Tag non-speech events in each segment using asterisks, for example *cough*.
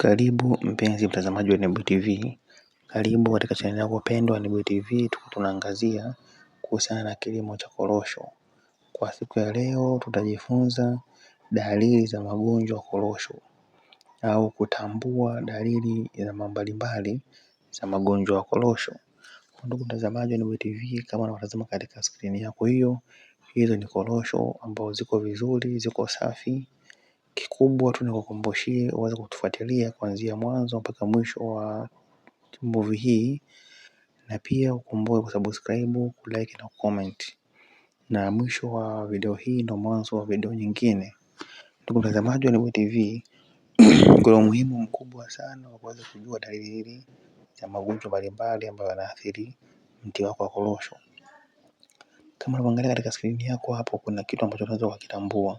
Karibu mpenzi mtazamaji wa Nebuye TV, karibu katika chaneli yako pendwa Nebuye TV, tuko tunaangazia kuhusiana na kilimo cha korosho. Kwa siku ya leo tutajifunza dalili za magonjwa ya korosho au kutambua dalili mbalimbali za magonjwa ya korosho. Ndugu mtazamaji wa Nebuye TV, kama unavyotazama katika skrini yako hiyo, hizo ni korosho ambazo ziko vizuri, ziko safi Kikubwa tu nikukumbushie uweze kutufuatilia kuanzia mwanzo mpaka mwisho wa movie hii, na pia ukumbuke kusubscribe, kulike na kucomment. Na mwisho wa video hii ndo mwanzo wa video nyingine. Ndugu mtazamaji wa Nebuye TV, *clears throat* kuna umuhimu mkubwa sana wa kuweza kujua dalili za magonjwa mbalimbali ambayo yanaathiri mti wako wa korosho. Kama unavyoangalia katika skrini yako hapo, kuna kitu ambacho unaweza ukakitambua.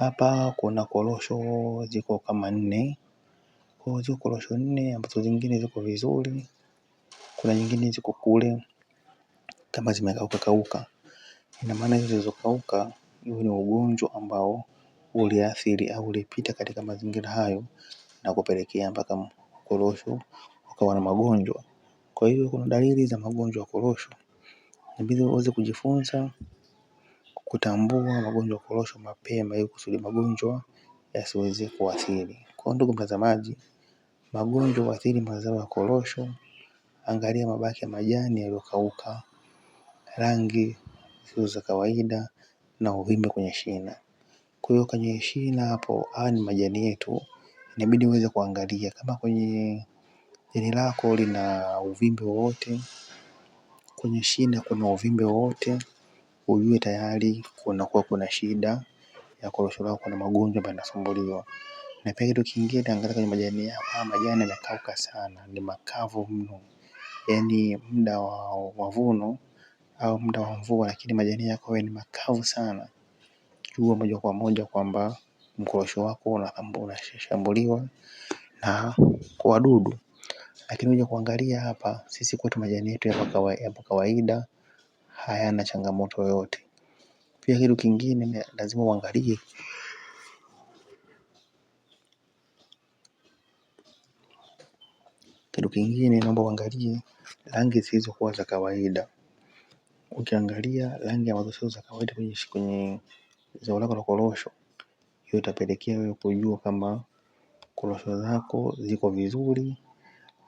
Hapa kuna korosho ziko kama nne. Kwa hizo korosho nne ambazo zingine ziko vizuri, kuna nyingine ziko kule kama zimekauka kauka. Ina maana hizo zilizokauka huu ni ugonjwa ambao uliathiri au ulipita katika mazingira hayo na kupelekea mpaka korosho ukawa na magonjwa. Kwa hiyo kuna dalili za magonjwa ya korosho inabidi uweze kujifunza kutambua magonjwa ya korosho mapema ili kusudi magonjwa yasiweze kuathiri. Kwa hiyo ndugu mtazamaji, magonjwa huathiri mazao ya korosho, angalia mabaki ya majani yaliyokauka, rangi zisizo za kawaida na uvimbe kwenye shina. Kwa hiyo kwenye shina hapo, haya ni majani yetu, inabidi uweze kuangalia kama kwenye jani lako lina uvimbe wowote, kwenye shina kuna uvimbe wowote ujue tayari kunakuwa kuna shida ya korosho lako na magonjwa ambayo yanasumbuliwa. Na pia kitu kingine angalia kwenye majani yako kama majani yamekauka sana ni makavu mno. Yaani muda wa mavuno au muda wa mvua lakini majani yako yawe ni makavu sana. Jua moja kwa moja kwamba mkorosho wako unashambuliwa na wadudu. Lakini ukija kuangalia hapa sisi kwetu majani yetu yapo kawaida hayana changamoto yoyote. Pia kitu kingine lazima uangalie kitu kingine naomba uangalie rangi zisizokuwa za kawaida. Ukiangalia rangi ambazo sio za kawaida kwenye zao lako la korosho, hiyo itapelekea wewe kujua kama korosho zako ziko vizuri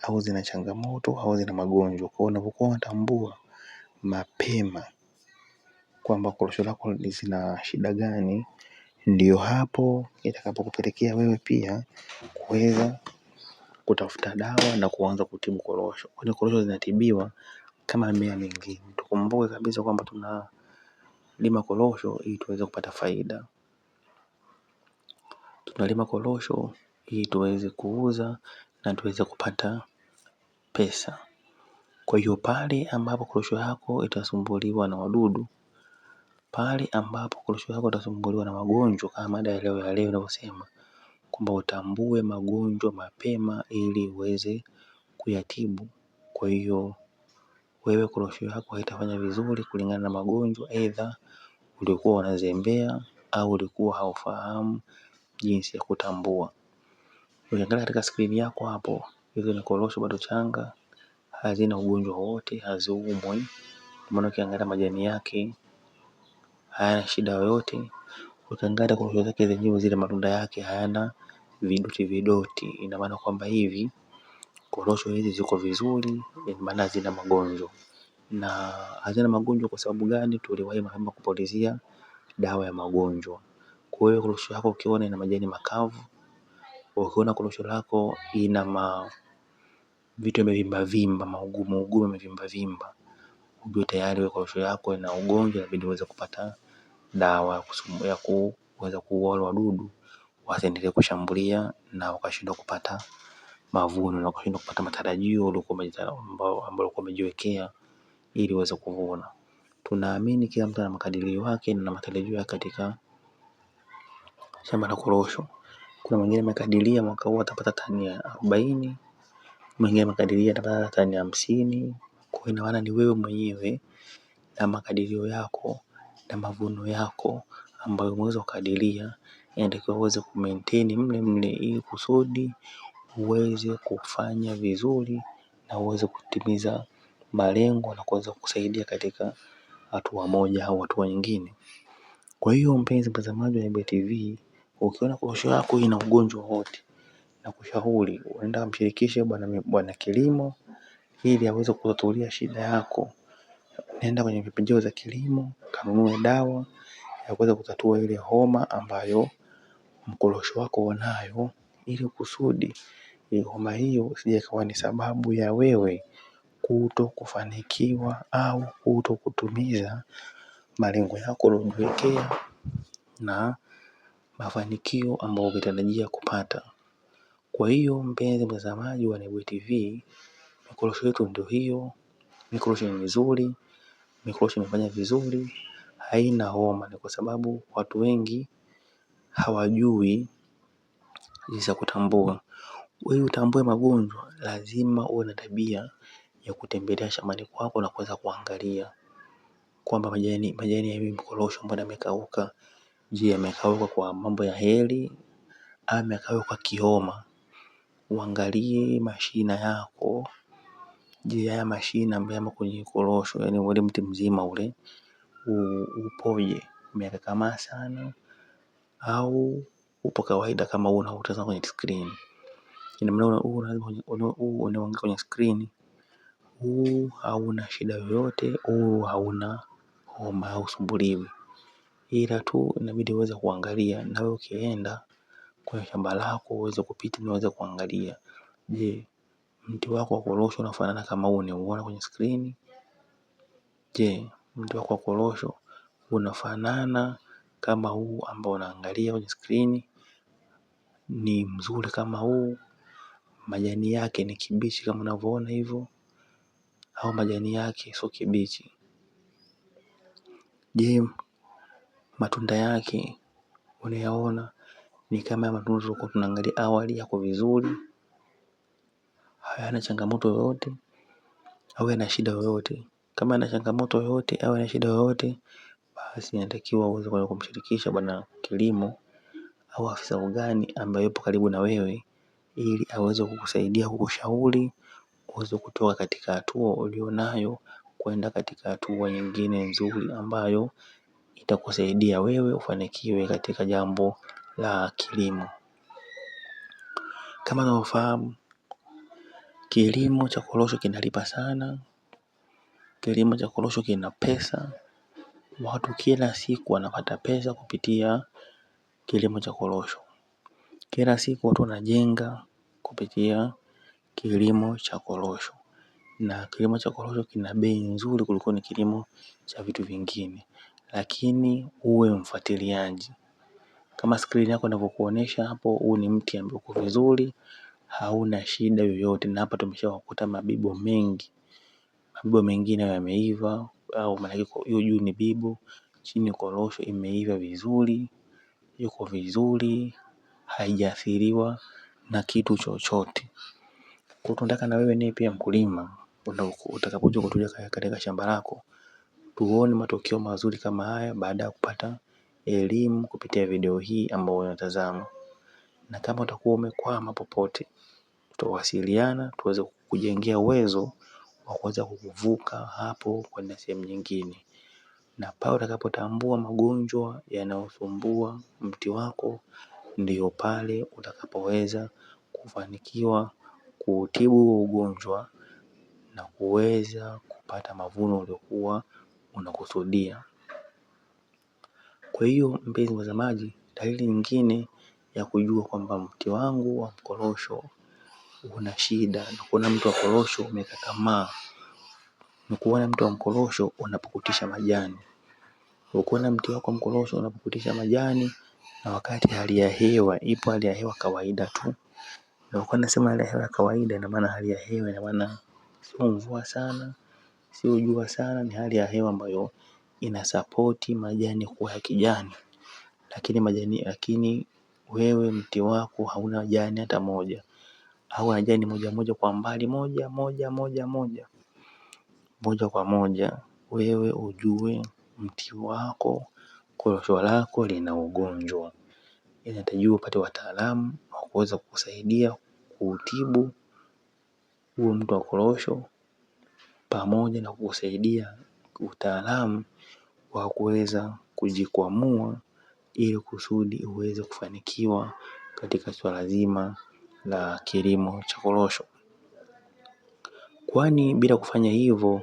au zina changamoto au zina magonjwa. Kwa hiyo unapokuwa unatambua mapema kwamba korosho lako zina shida gani, ndio hapo itakapokupelekea wewe pia kuweza kutafuta dawa na kuanza kutibu korosho, kwani korosho zinatibiwa kama mimea mingine. Tukumbuke kabisa kwamba tunalima korosho ili tuweze kupata faida, tunalima korosho ili tuweze kuuza na tuweze kupata pesa. Kwa hiyo pale ambapo korosho yako itasumbuliwa na wadudu, pale ambapo korosho yako itasumbuliwa na magonjwa kama mada ya leo ya leo inavyosema kwamba utambue magonjwa mapema ili uweze kuyatibu. Kwa hiyo wewe korosho yako haitafanya vizuri kulingana na magonjwa aidha uliokuwa unazembea au ulikuwa haufahamu jinsi ya kutambua. Ukiangalia katika skrini yako hapo, hizo ni korosho bado changa hazina ugonjwa wowote haziumwi ndio maana ukiangalia majani yake hayana shida yoyote, ukiangalia korosho zake zenyewe zile matunda yake hayana vidoti vidoti ina maana kwamba hivi korosho hizi ziko vizuri maana hazina magonjwa na hazina magonjwa kwa sababu gani? Tuliwahi mapema kupulizia dawa ya magonjwa. Kwa hiyo korosho yako ukiona ina majani makavu, ukiona korosho lako ina ma vitu vimevimba vimba, maugumu ugumu yamevimba vimba, ujue tayari korosho yako ina ugonjwa, inabidi uweze kupata dawa ya kuweza kuua wale wadudu wasiendelee kushambulia na ukashindwa kupata mavuno na ukashindwa kupata matarajio ambao ulikuwa umejiwekea ili uweze kuvuna. Tunaamini kila mtu ana makadirio yake na matarajio yake katika shamba la korosho. Kuna mwingine amekadiria mwaka huu atapata tani arobaini, mwingine amekadiria labda tani hamsini kwa ina maana ni wewe mwenyewe na makadirio yako na mavuno yako ambayo umeweza kukadiria inatakiwa uweze kumaintain mle mle ili kusudi uweze kufanya vizuri na uweze kutimiza malengo na kuweza kusaidia katika hatua moja au hatua nyingine. Kwa hiyo mpenzi mtazamaji wa NEBUYE TV ukiona korosho yako ina ugonjwa wowote na kushauri huenda mshirikishe bwana kilimo ili aweze kutatulia shida yako. Nenda kwenye vipindio za kilimo kanunue dawa ya kuweza kutatua ile homa ambayo mkorosho wako unayo ili kusudi homa hiyo isije ikawa ni sababu ya wewe kuto kufanikiwa au kuto kutumiza malengo yako uliyojiwekea na mafanikio ambayo ulitarajia kupata. Kwa hiyo mpenzi mtazamaji wa Nebuye TV, mikorosho yetu ndio hiyo. Mikorosho ni mizuri, mikorosho imefanya vizuri, haina homa. Ni kwa sababu watu wengi hawajui jinsi ya kutambua. Ili utambue magonjwa, lazima uwe na tabia ya kutembelea shambani kwako na kuweza kuangalia kwamba majani majani ya hii mkorosho mbona yamekauka. Je, yamekauka kwa mambo ya heri ama yamekauka kwa kihoma? uangalie mashina yako. Je, haya mashina ambayo yamo kwenye korosho yani ule mti mzima ule upoje? Umekakamaa sana au upo kawaida kama huu unaotazama kwenye screen? Ina yaani maana huu unaoangalia kwenye skrini huu hauna shida yoyote, huu hauna homa, hausumbuliwi ila tu inabidi uweze kuangalia na wewe ukienda kwenye shamba lako uweze kupita na uweze kuangalia, je, mti wako wa korosho unafanana kama huu unauona kwenye skrini? Je, mti wako wa korosho unafanana kama huu ambao unaangalia kwenye skrini? Ni mzuri kama huu? Majani yake ni kibichi kama unavyoona hivyo, au majani yake sio kibichi? Je, matunda yake unayaona ni kama haya matunda tulikuwa tunaangalia awali yako vizuri, hayana changamoto yoyote au yana shida yoyote. Kama yana changamoto yoyote au yana shida yoyote, basi inatakiwa uweze kwenda kumshirikisha bwana kilimo au afisa ugani ambaye yupo karibu na wewe, ili aweze kukusaidia kukushauri uweze kutoka katika hatua ulionayo kwenda katika hatua nyingine nzuri ambayo itakusaidia wewe ufanikiwe katika jambo la kilimo. Kama unavyofahamu kilimo cha korosho kinalipa sana, kilimo cha korosho kina pesa, watu kila siku wanapata pesa kupitia kilimo cha korosho. Kila siku watu wanajenga kupitia kilimo cha korosho na kilimo cha korosho kina bei nzuri kuliko ni kilimo cha vitu vingine, lakini uwe mfuatiliaji. Kama skrini yako inavyokuonyesha hapo, huu ni mti ambao uko vizuri, hauna shida yoyote. Na hapa tumeshawakuta mabibo mengi, mabibo mengine yameiva au maanake hiyo juu ni bibo, chini korosho imeiva vizuri, yuko vizuri, haijaathiriwa na kitu chochote. Kwa tunataka na wewe niye pia mkulima, utakapokuja kutulia katika shamba lako, tuone matokeo mazuri kama haya baada ya kupata elimu kupitia video hii ambayo unatazama, na kama utakuwa umekwama popote, tutawasiliana tuweze kukujengea uwezo wa kuweza kuvuka hapo kwenda sehemu nyingine, na pale utakapotambua magonjwa yanayosumbua mti wako, ndiyo pale utakapoweza kufanikiwa kuutibu huo ugonjwa na kuweza kupata mavuno uliokuwa unakusudia. Kwa hiyo mpenzi mtazamaji, dalili nyingine ya kujua kwamba mti wangu wa mkorosho una shida na kuona mti wa korosho umekakamaa, ni kuona mti wa mkorosho unapukutisha majani, ukiona mti wako wa mkorosho unapukutisha majani na wakati hali ya hewa ipo hali ya hewa kawaida tu, na ukiwa nasema hali ya hewa kawaida, ina maana hali ya hewa ina maana sio mvua sana, sio jua sana, ni hali ya hewa ambayo inasapoti majani kuwa ya kijani lakini wewe mti wako hauna jani hata moja au una jani mojamoja kwa mbali moja moja moja moja moja kwa moja wewe ujue mti wako korosho lako lina ugonjwa inatakiwa upate wataalamu wa kuweza kukusaidia kuutibu huo mti wa korosho pamoja na kukusaidia utaalamu wa kuweza kujikwamua ili kusudi uweze kufanikiwa katika swala zima la kilimo cha korosho. Kwani bila kufanya hivyo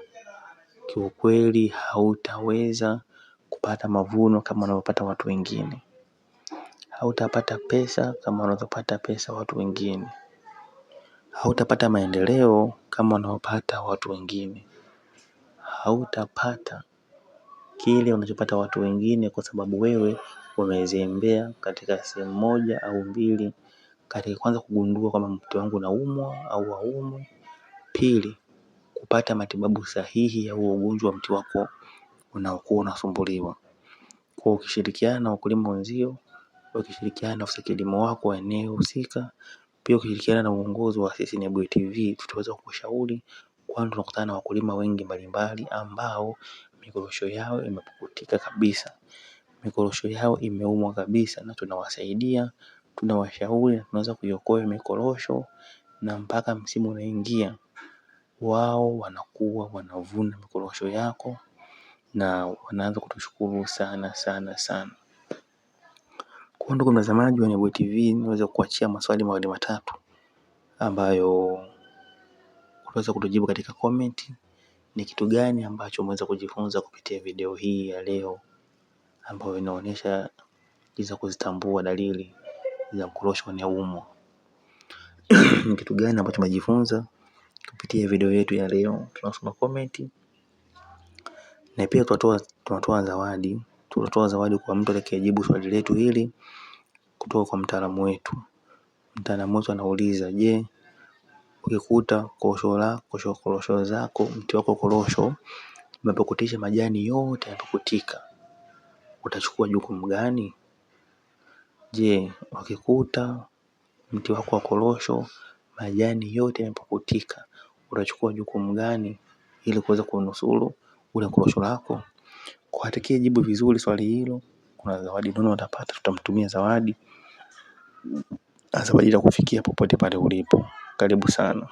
kiukweli hautaweza kupata mavuno kama wanavyopata watu wengine, hautapata pesa kama wanavyopata pesa watu wengine, hautapata maendeleo kama wanavyopata watu wengine, hautapata kile unachopata watu wengine kwa sababu wewe umezembea katika sehemu moja au mbili katika kwanza kugundua kwamba mtoto wangu unaumwa au haumwi. Pili, kupata matibabu sahihi ya huo ugonjwa wa mti wako unaokuwa unasumbuliwa. Kwa ukishirikiana na wakulima wenzio, ukishirikiana na afisa kilimo wako wa eneo husika, pia ukishirikiana na uongozi wa sisi Nebuye TV tutaweza kukushauri kwani tunakutana na wakulima wengi mbalimbali ambao mikorosho yao imepukutika kabisa, mikorosho yao imeumwa kabisa na tunawasaidia, tunawashauri na tunaweza kuiokoa mikorosho na mpaka msimu unaingia wao wanakuwa wanavuna mikorosho yako na wanaanza kutushukuru sana sana sana. Kwa ndugu mtazamaji wa Nebuye TV, niweze kuachia maswali mawili matatu ambayo utaweza kutujibu katika komenti ni kitu gani ambacho umeweza kujifunza kupitia video hii ya leo ambayo inaonyesha jinsi ya kuzitambua dalili za mkorosho unaoumwa. *clears throat* Ni kitu gani ambacho umejifunza kupitia video yetu ya leo? Tunasoma comment na pia tunatoa tunatoa zawadi, tunatoa zawadi kwa mtu atakayejibu swali letu hili kutoka kwa mtaalamu wetu. Mtaalamu wetu anauliza, je, Ukikuta korosho zako mti wako wa korosho umepukutisha majani yote yamepukutika, utachukua jukumu gani? Je, ukikuta mti wako wa korosho majani yote yamepukutika utachukua jukumu gani ili kuweza kunusuru ule korosho lako? Kwa atakaye jibu vizuri swali hilo kuna zawadi nono utapata, tutamtumia zawadi hasa kwa ajili ya kufikia popote pale ulipo. Karibu sana.